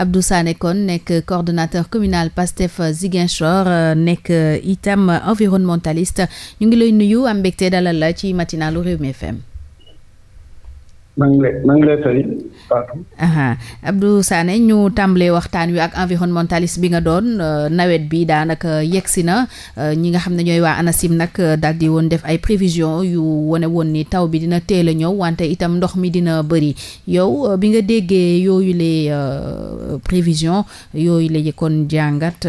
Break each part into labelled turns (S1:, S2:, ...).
S1: Abdou Sané kon nekk coordonnateur communal PASTEF Ziguinchor euh, nekk euh, itam environnementaliste ñu ngi lay nuyu am mbégte dalal ci matinalu Rewmi FM
S2: maa ngi lay maa
S1: Sané ñu tàmbalee waxtaan wi ak environnementaliste bi nga doon euh, nawet bi daanaka yegsi na euh, ñi nga xam ne ñooy waa ANACIM nag euh, daal woon def ay prévision yu wane woon ni taw bi dina teel a ñëw wante itam ndox mi dina bëri yow bi nga déggee yooyu les prévision yooyu la kon jàngat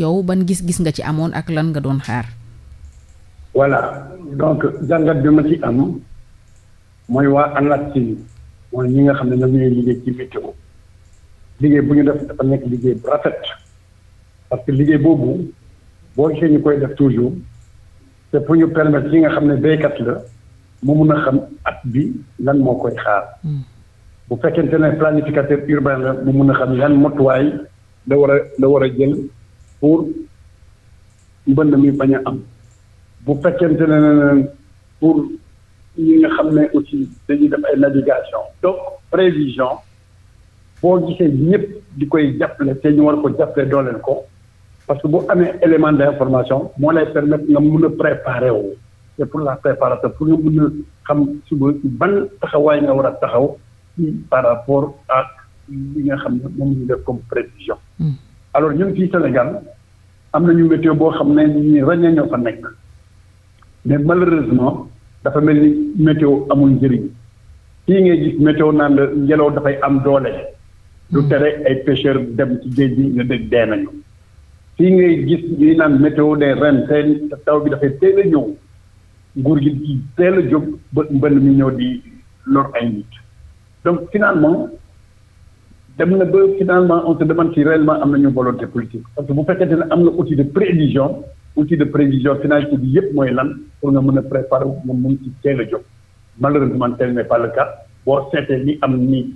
S1: yow ban gis-gis nga ci amoon ak lan nga doon xaar.
S2: voilà donc jàngat bi ma ci am. mooy waa ANACIM yi mooy ñi nga xam ne ñoom ñooy liggéey ci météo liggéey bu ñu def dafa nekk liggéey bu rafet parce que liggéey boobu boo gisee ñu koy def toujours c'est pour ñu permettre ki nga xam ne béykat la mu mun a xam at bi lan moo koy xaar bu fekkente ne planificateur urbain la mu mun a xam yan motuwaay la war a la war a jël pour mbënd mi bañ a am bu fekkente ne pour ñi nga xam ne aussi dañuy def ay navigation donc prévision boo gisee ñëpp di koy jàppale te ñu war ko jàppale dooleen ko parce que boo amee élément d'information moo lay permettre nga mun a préparer wu c'est pour la préparation pour nga mun a xam suba ban taxawaay nga war a taxaw par rapport ak li nga xam ne moom ñu def comme prévision hmm. alors ñun fii Sénégal am na ñu météo boo xam ne ñi ràññee ñoo fa nekk mais malheureusement dafa mel ni météo amul njëriñ fii ngay gis météo naan la ngelaw dafay am doole du hmm. tere ay pêcheur dem ci géej gi ñu dégg dee nañu fii ngay gis ñuy naan météo ne ren seen taw bi dafay teel a ñëw nguur gi ci teel a jóg ba mbënn mi ñëw di lor ay nit donc finalement dem na ba finalement on se demande si réellement am nañu volonté politique parce que bu fekkente ne am na outil de prévision outil de prévision finalité bi yëpp mooy lan pour nga mën a préparer nga mën ci teel a jóg malheureusement tel n'est pas le cas boo seetee li am nii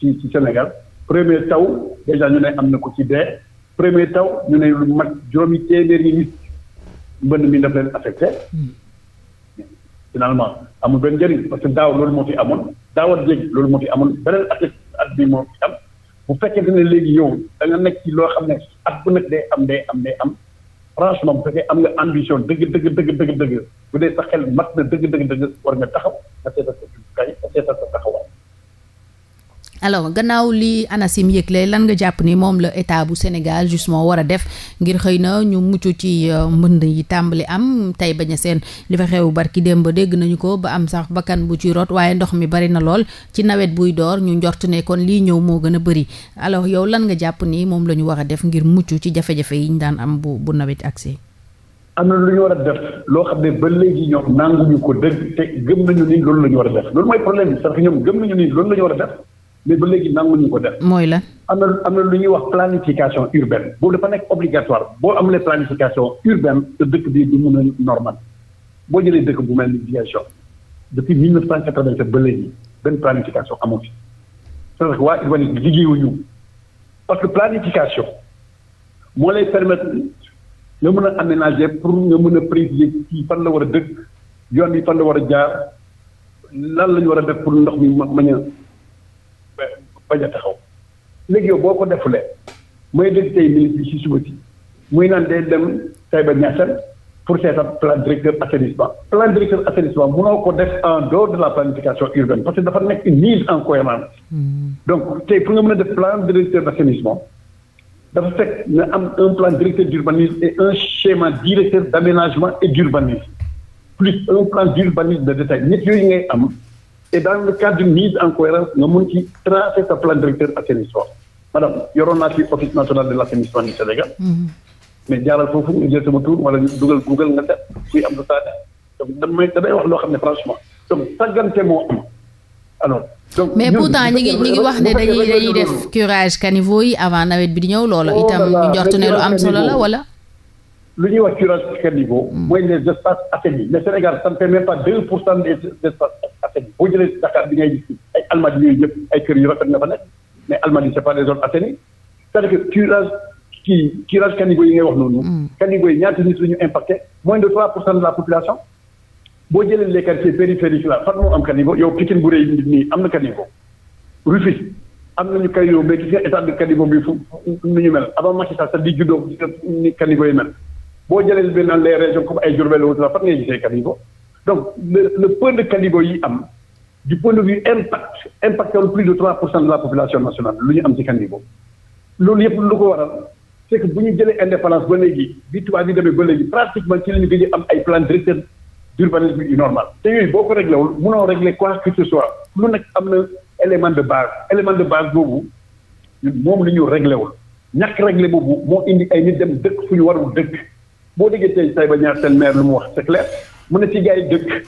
S2: ci ci Sénégal premier taw déjà ñu ne am na ko ci dee premier taw ñu ne lu mag juróomi téeméeri nit mbënn mi daf leen affecté finalement amul benn njëriñ parce que daaw loolu moo fi amoon daawat jéeg loolu moo fi amoon beneen affect at bi moo fi am bu fekkee ne léegi yow da nga nekk loo xam ne at bu nekk day am am day am franchement bu fekkee am nga ambition dëgg dëgg dëgg dëgg dëgg bu dee sa xel mat na dëgg dëgg dëgg war nga taxaw nga seetal sa jumtukaay nga seetal sa
S1: alors gannaaw lii ANACIM yëgle lan nga jàpp ni moom la état bu senegal Sénégal moo war a def ngir xëy na ñu mucc ci euh, mbënd yi tàmbali am tey bañ a seen li fa xew barki démb ba dégg nañu ko ba am sax bakkan bu ci rot waaye ndox mi bari na lool ci nawet buy door ñu njort ne kon lii ñëw moo gën a bëri alors yow lan nga jàpp nii moom la ñu war a def ngir mucc ci jafe-jafe yi ñu daan am bu nawet agsi
S2: am na lu ñu war a def loo xam ne ba léegi ñoom nanguñu mais ba léegi nanguñu ko def. mooy la am na am na lu ñuy wax planification urbaine boobu dafa nekk obligatoire boo amulee planification urbaine te dëkk bi du mun a normal boo jëlee dëkk bu mel ni Ziguinchor depuis 1987 ba léegi benn planification amoo fi c'est-à-dire que waa urbanisme liggéeyuñu parce que planification moo lay permettre nga mën a aménager pour nga mën a préciser ci fan la war a dëkk yoon yi fan la war a jaar lan lañu war a def pour ndox mi ma bañ a taxaw léegi yow boo ko defulee mooy dégg tey ministre bi si suba si muy naan day dem Taïba Niassène pour seetaan plan directeur assainissement plan directeur assainissement mënoo ko def en dehors de la planification urbaine parce que dafa nekk une en cohérence hmm. donc tey pour nga mën a def plan directeur d'assainissement dafa fekk nga am un plan directeur d'urbanisme et un schéma directeur d'aménagement et d'urbanisme plus un plan d'urbanisme de détail ñett yooyu et dans le cadre d'une mise en cohérence nga mun ci tracer sa plan directeur assainissement madame yoroon naa ci office national de l' assainissement du Sénégal. Mm-hmm. mais jaaral foofu nga jël sama tur wala ñu dugal google nga def kuy am lu saa donc dañ may damay wax loo xam ne franchement donc sàggante moo am mais pourtant ñi ngi wax ne dañuy def
S1: curage caniveau yi avant nawet bi di ñëw loolu oh itam ñu ne lu am solo la wala.
S2: lu ñuy wax curage à niveau. Hmm. mooy les espaces assainis le Sénégal ça ne fait même pas 2 pour cent des espaces assainis boo jëlee Dakar bi ngay almadi yooyu yëpp ay kër rafet nga fa nekk mais almadi c'est pas des zones assainies que curage kii yi ngay wax noonu. Hmm. caniveau yi ñaata nit la ñu impacté moins de 3 pour cent de la population. boo jëlee les quartiers périphériques là fan moo am caniveau yow Pikine bu nii am na caniveau. Rufisque am nañu caniveau ñu mel avant boo jëlee benn les régions comme ay Diourbel wala fan ngay gisee caniveau donc le le peu de caniveau yi am du point de vue impact impact plus de 3 pour cent de la population nationale lu ñu am ci caniveau loolu yëpp lu ko waral c'est que bu ñu jëlee indépendance ba léegi bi tubaab yi demee ba léegi pratiquement ci la ñu am ay plan directeur d'urbanisme yu normal te yooyu boo ko réglé wul mënoo réglé quoi que ce soit lu nekk am na élément de base élément de base boobu moom la ñu réglé wul ñàkk réglé boobu moo indi ay nit dem dëkk fu ñu warul dëkk. boo déggee tey Taïba Niang seen maire lu mu wax c'est clair mu ne ci gars yi dëkk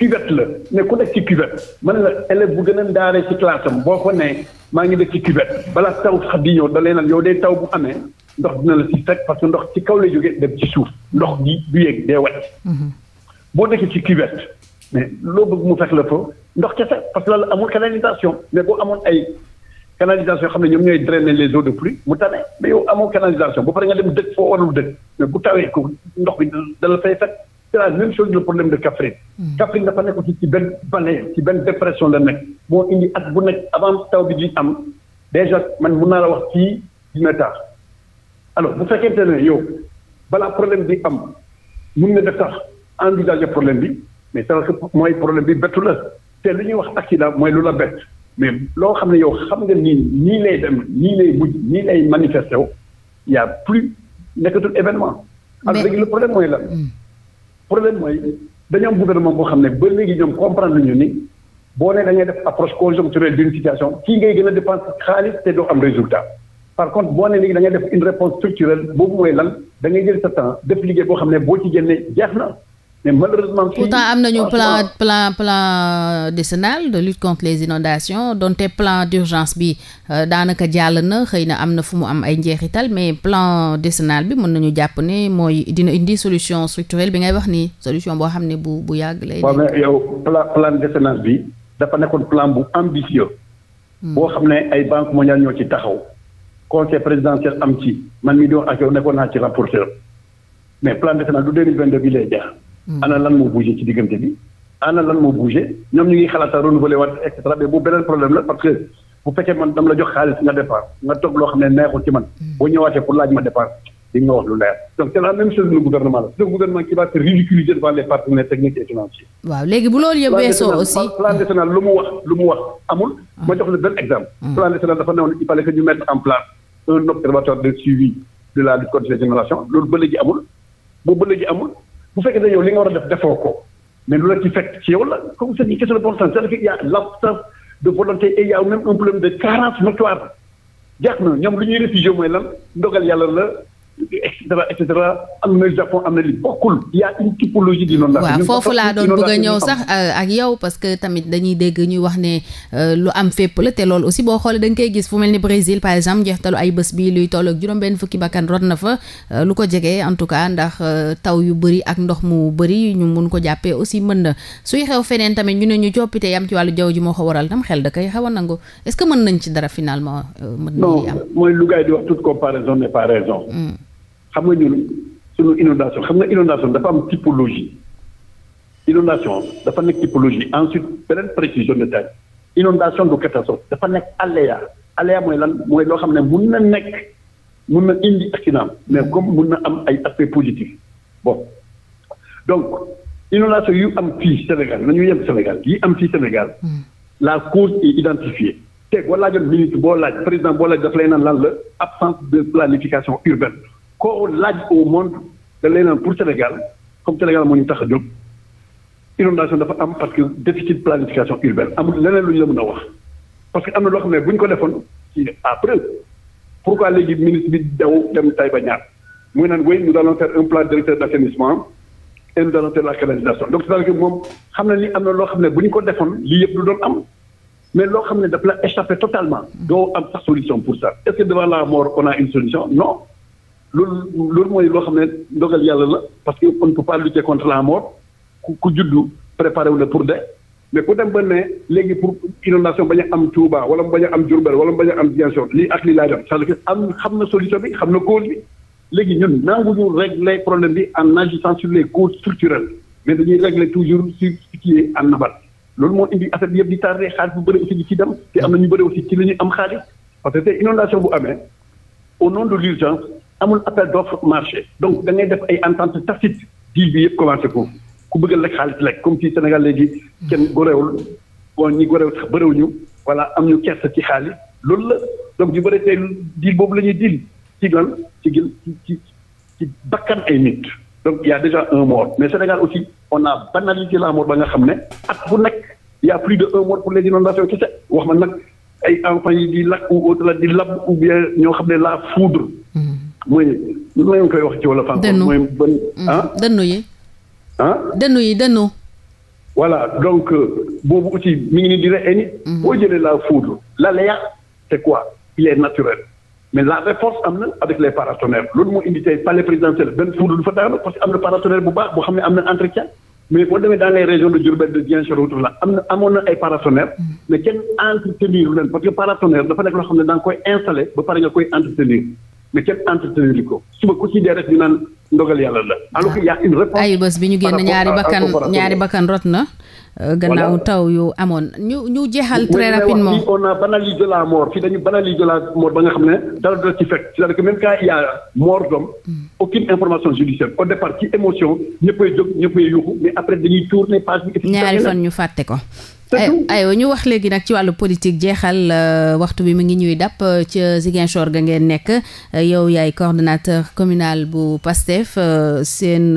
S2: cuvette la ne ku nekk ci cuvette man la élève bu gën a ndaaree ci classe am boo ko nee maa ngi dëkk ci cuvette balaa taw sax di ñëw da lay naan yow day taw bu amee ndox dina la ci fekk parce que ndox ci kaw lay jógee dem ci suuf ndox gi du yéeg day wet mm-hmm. boo dëkkee ci cuvette mais loo bëgg mu fekk la fa ndox ca parce que loolu amul canalisation mais boo amoon ay canalisation xam ne ñoom ñooy drainer les eaux de pluie mu tane mais yow amoo canalisation ba pare nga dem dëkk foo warul dëkk mais bu tawee ko ndox bi dala fay fekk c'est la même chose le problème de Kaffrine hmm. Kaffrine dafa nekk aussi ci benn vallée ci benn dépression la nekk moo indi at bu nekk avant taw bi di am déjà man mun naa la wax ci dina tax alors bu fekkente ne yow balaa problème bi am mun na def tax envisager problème bi mais c'est parce que mooy problème bi bettu la te lu ñuy wax accident mooy lu la bett mais loo xam ne yow xam nga nii nii lay dem nii lay mujj nii lay manifesté wu y' a plus nekkatul événement. mais alors léegi le problème mooy lan. Hmm. problème mooy dañoo gouvernement boo xam ne ba léegi ñoom comprendre nañu ni boo nee da def approche conjoncturelle d' situation kii ngay gën a dépense xaalis te doo am résultat. par contre boo nee léegi da ngay def une réponse structurelle boobu mooy lan da ngay jël sa temps def liggéey boo xam ne boo ci génnee jeex na. mais malheureusement. pourtant am nañu plan
S1: plan plan décennal de lutte contre les inondations donte plan d'urgence bi euh, daanaka jàll na xëy na am na fu mu am ay njeexital mais plan décennal bi mën nañu jàpp ne mooy dina indi solution structurelle bi ngay wax ni solution boo xam ne bu bu yàgg lay. waaw
S2: yow plan plan décennal bi dafa nekkoon plan bu ambitieux. Hmm. boo xam ne ay banque mondiale ñoo ci taxaw. conseil présidentiel am ci man mi doon ak yow nekkoon naa ci rapporteur mais plan décennal du deux mille vingt deux bi Hmm. ana lan moo bougé ci diggante bi ana lan moo bougé ñoom ñu ngi xalaat sax renouveler waat et cetera mais bu beneen problème la parce que bu fekkee man dama la jox xaalis nga départ nga toog loo xam ne neexul ci man hmm. boo ñëwaatee pour laaj ma départ di nga wax lu leer donc c'est la même chose le gouvernement la c'est un gouvernement qui va se ridiculiser devant les partenaires techniques et financiers. waaw léegi lu mu wax lu mu wax amul. Ah. ma jox la benn exemple. Hmm. plan décennal dafa newoon il la lutte loolu ba léegi amul boobu bu fekkee ne yow li nga war a def defoo ko mais lu la ci fekk ci yow la comme c'est une question de bon sens c'est-à-dire qu'il y a l'absence de volonté et il même un problème de carence notoire jeex na ñoom lu ñuy réfugié mooy lan ndogal yàlla la et cetera et cetera am na Japon am na li bokkul. y a une typologie d'inondation. laa doon bëgg a sax
S1: euh, ak yow parce que tamit dañuy dégg ñuy wax ne euh, lu am fépp la te loolu aussi boo xoolee da koy gis fu mel ni Brésil par exemple njeextalu ay bés bi luy toll ak juróom-benn fukki bakkan rot na euh, lu ko jege en tout cas ndax taw yu bëri ak ndox mu bëri ñu mun ko jàppee aussi mën na suy xew tamit ñu ne ñu coppite yam ci wàllu jaww ji moo ko waral tam xel da koy xaw a nangu est-ce que mën nañ ci dara finalement.
S2: mën nañu lu gars yi di wax toute comparaison n'est pas raison. Hmm. xam nga ñun suñu inondation xam nga inondation dafa am typologie inondation dafa nekk typologie ensuite beneen précision de taille inondation du catastrophe dafa nekk aléa aléa mooy lan mooy loo xam ne mun na nekk mun na indi accident mais comme mun na am ay aspect positif bon donc inondation yu am fii Sénégal nañu yem Sénégal yi am fii Sénégal hmm. la cause est identifiée te boo laajoon ministre boo laaj président boo laaj daf lay naan lan la absence de planification urbaine koo laaj au monde da lay pour Sénégal comme Sénégal moo ñu tax a jóg inondation dafa am parce que déficit planification urbaine amul leneen lu ñu la mën a wax parce que am na loo xam ne bu ñu ko defoon ci après pourquoi léegi ministre bi daw dem Taïba ñaar muy naan oui nous allons faire un plan directeur d' assainissement la canalisation donc cest à xam na ni am na loo xam ne bu ñu ko defoon lii yëpp du doon am mais loo xam ne dafa la échappé totalement doo am sax solution pour ça est ce que devant la mort on a une solution non loolu loolu mooy loo xam ne ndogal yàlla la parce que on ne peut pas lutter contre la mort ku ku juddu préparé wu ne pour de mais ku dem ba ne léegi pour inondation bañ a am Touba wala bañ a am Diourbel wala mu bañ am Ziguinchor lii lii laay def cest à que xam na solution bi xam na cause bi léegi ñun nanguñu régler problème bi en agissant sur les causes structurelles mais dañuy régler toujours sur ce qui est en loolu moo indi affaire yëpp di tardé xaalis bu bëri aussi ci dem te na ñu bëri aussi ci li ñuy am xaalis parce que tey inondation bu amee au nom de l'urgence amul appel d'offre marché donc da ngay def ay entente tacite deal bi yëpp commencé ko ku bëgg a lekk xaalis lekk comme ci Sénégal léegi kenn gorewul bon ñi gorewul sax bëriwuñu voilà am ñu kersa ci xaalis loolu la donc ñu bëri tey deal boobu la ñuy deal ci lan ci gil ci ci bakkan ay nit donc y a déjà un mort mais Sénégal aussi on a banalisé la mort ba nga xam ne at bu nekk y a plus de un mort pour les inondations kese wax ma nag ay enfants yi di lakk la di lab ou ñoo xam ne la foudre mooy lu ma leen koy wax ci wala fan. dënnu mooy ban mm. ah. dënnu yi. ah yi dënnu. voilà donc euh, boobu aussi mi ngi ni dina indi. Mm-hmm. boo jëlee la foudre l'aléa c'est il est naturel. mais la réponse am na avec les paratonnerres loolu moo indi tey palais présidentiel benn foudre du fa daanu parce que am na paratonnerre bu baax boo xam ne am na entretien mais boo demee dans les régions de Diourbel de Ziguinchor tout là am na amoon na ay paratonnerres mm-hmm. mais kenn entretenir leen dafa nekk loo xam ne da nga koy installer ba pare nga koy mais kenn entretenir ko suba ku ci dee rek ñu naan ndogal yàlla la. Ah. alors que y' a
S1: bi ñu génn ñaari bakkan ñaari bakkan rot na. Euh, gannaaw taw yu amoon ñu ñu jeexal. très rapidement mais
S2: on a banalisé la mort fii dañu banalisé la mort ba nga xam ne dara dara ci fekk c'est-à-dire que même quand il y a mort d'homme hmm. information judiciaire au départ ci émotion ñëppay jóg ñëppay yuuxu mais après dañuy tourner page bi. ñaari fan ñu fàtte ko.
S1: aywa eh, eh, ñu wax léegi nag ci wàllu politique jeexal euh, waxtu bi mu ngi ñuy dàpp euh, ca Ziguinchor ga ngeen nekk euh, yow yaay coordonnateur communal bu PASTEF seen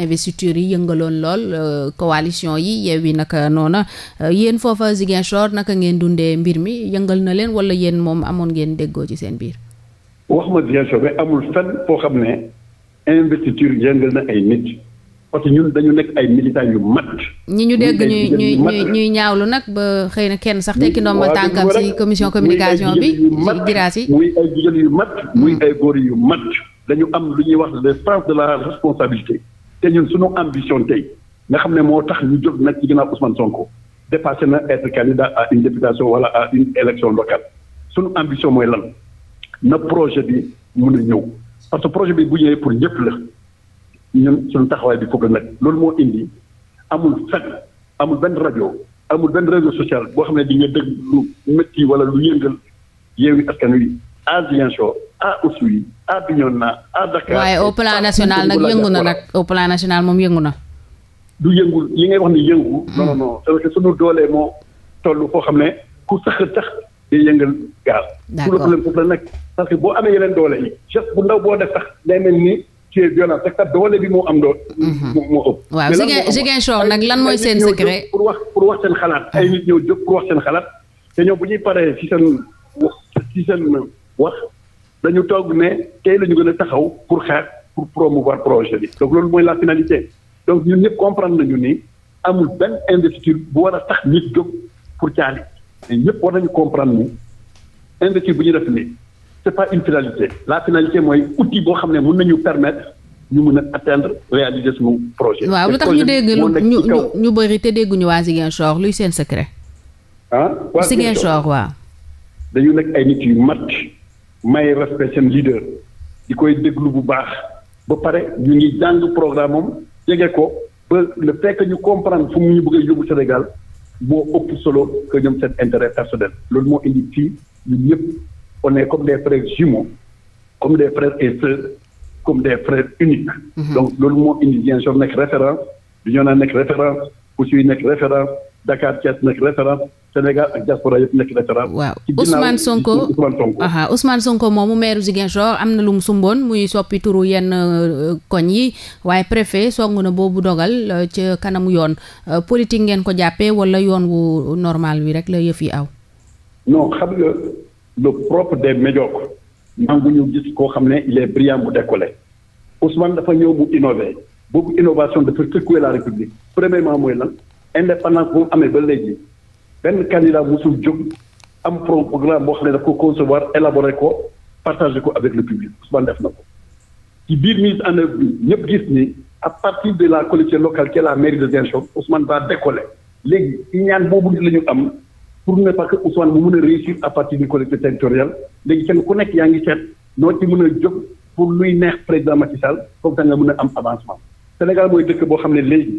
S1: investiture yi yëngaloon lool coalition yi Yewwi naka noona yéen foofa Ziguinchor naka ngeen dundee mbir mi yëngal na leen wala yéen moom amoon ngeen déggoo ci seen
S2: biir wax ma Ziguinchor mais amul fenn foo xam ne investiture yëngal na ay nit parce que ñun dañu nekk ay militants yu mat.
S1: ñi ñu dégg ñuy ñuy ñuy ñaawlu nag ba xëy na kenn sax tekki ndomba tànkam si commission communication bi ci giraas yi.
S2: muy ay jigéen yu mat muy mm. ay góor yu mat dañu am lu ñuy wax le sens de la responsabilité te ñun suñu ambition tey nga xam ne moo tax ñu jóg nag ci ginnaaw Ousmane Sonko dépassé na être candidat à une députation wala à une élection locale suñu ambition mooy lan na projet bi mun a ñëw parce que projet bi bu ñëwee pour ñëpp la. ñun suñu taxawaay bi foofu la nag loolu moo indi amul fenn amul benn rajo amul benn réseau social boo xam ne di nga dégg lu métti wala lu yëngal yeewi askan wi à Ziguinchor à Oussouye à Bignona à Dakar. waaye au plan national nag yëngu na nag
S1: au plan national moom yëngu na.
S2: du yëngul li ngay wax ni yëngu. Hmm. non non parce que doolee moo toll foo xam ne ku sax tax day yëngal gaal. d'accord parce que boo amee yeneen doole yi geste bu ndaw boo def tax day mel ni. qui est violent te doole bi moo am doon. Mhm. moo moo ëpp. waaw
S1: Ziguinchor nag lan mooy seen secret.
S2: pour wax pour wax seen xalaat ah. ay nit ñëw jóg pour wax seen xalaat te ñoom bu ñuy paree ci seen ci seen wax dañu toog ne tey lañu gën a taxaw pour xeex pour promouvoir projet bi. donc loolu mooy la finalité donc ñun ñëpp comprendre nañu ni amul benn investiture bu war a tax nit jóg pour caali mais ñëpp war nañu comprendre ni investiture bu ñu def nii. c'est pas une finalité la finalité mooy outil boo xam ne mën nañu permettre ñu mën a atteindre réaliser suñu projet. waaw lu tax ñu dégg ñu ñu
S1: ñu bëri te dégguñu waa Ziguinchor luy seen secret.
S2: ah waa Ziguinchor waaw. dañu nekk ay nit yu mat may respect seen leader di koy déglu bu baax ba pare ñu ngi jàng programme moom jege ko ba le fait ñu comprendre fu mu ñu bëggee yóbbu Sénégal boo ëpp solo ko ñoom seen intérêt personnel loolu moo indi fii ñun ñëpp. on est comme des frères jumeaux comme des frères uniques. Mhm. donc loolu moo indi Ziguinchor nekk référence Bignona nekk référence Oussouye nekk référence Dakar Thiès nekk référence Sénégal ak diaspora yëpp nekk référence. waaw Ousmane Sonko Ousmane Sonko.
S1: aha Ousmane Sonko moomu am na lu mu sumboon muy soppi turu yenn euh, koñ yi waaye préfet songu na boobu dogal euh, ci kanamu yoon euh, politique ngeen ko jàppe wala yoon wu normal wi rek la yëf yi aw.
S2: le propre des médiocres nanguñu gis koo xam ne il est brillant bu décollé Ousmane dafa ñëw mu innové boobu innovation dafa secouer la république premièrement mooy lan indépendance boobu amee ba léegi benn candidat musul jóg am programme boo xam ne daf ko concevoir élaborer ko partager ko avec le public Ousmane def na ko ci biir mise en œuvre bi ñëpp gis ni à partir de la collectivité locale qui la mairie de Ziguinchor Ousmane va décoller léegi ñaan boobu la ñu am pour nga parce que Ousmane mu mën a réussir à partir du collectivité territoriale léegi kenn ku nekk yaa ngi seet noo ci mën a jóg pour luy neex président Macky Sall comme ça nga mën a am avancement Sénégal mooy dëkk boo xam ne léegi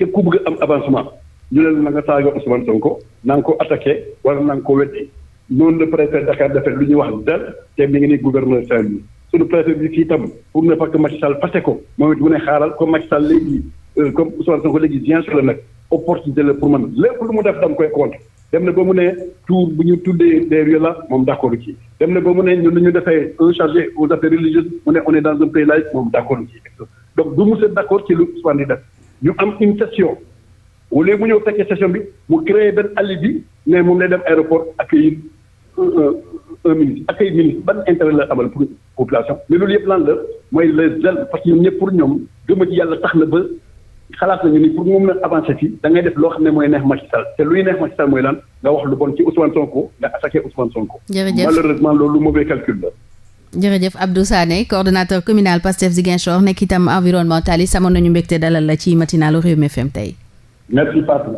S2: képp ku bëgg a am avancement ñu leen na nga saaga Ousmane Sonko na nga ko attaqué wala na ko weddi noonu la préfet Dakar defee lu ñuy wax dal te mi ngi ni gouverneur Saint-Louis suñu préfet bi fii tam pour ne que Macky Sall passé ko moom ne xaaral comme Macky Sall léegi euh, comme Ousmane Sonko léegi bien sûr man lépp lu mu def dam koy compte dem na ba mu ne tour bu ñu tuddee des lieux moom d' accord ci dem na ba mu ne ñun ñu defee un chargé aux affaires religieuses mu ne on est dans un pays laïque moom d' accord ci donc du mos a d' accord ci lu Ousmane di def ñu am une session au lieu mu ñëw fekkee session bi mu créé benn alibi ne moom lay dem aéroport accueillir euh, un ministre accueillir ministre ban intérêt la amal pour population mais loolu yëpp lan la mooy le zèle parce que ñëpp pour ñoom gëm yàlla tax na ba. xalaat nañu ni pour moom na avancer ci da ngay def loo xam ne mooy neex Macky Sall te luy neex Macky Sall mooy lan nga wax lu bon ci Ousmane Sonko nga attaqué Ousmane Sonko. jërëjëf malheureusement loolu mauvais calcul la.
S1: jërëjëf Abdou Sané coordonnateur communal Pastef Ziguinchor nekk itam environnementaliste amoon nañu mbégte dalal la ci matinaa Rewmi FM tey.
S2: merci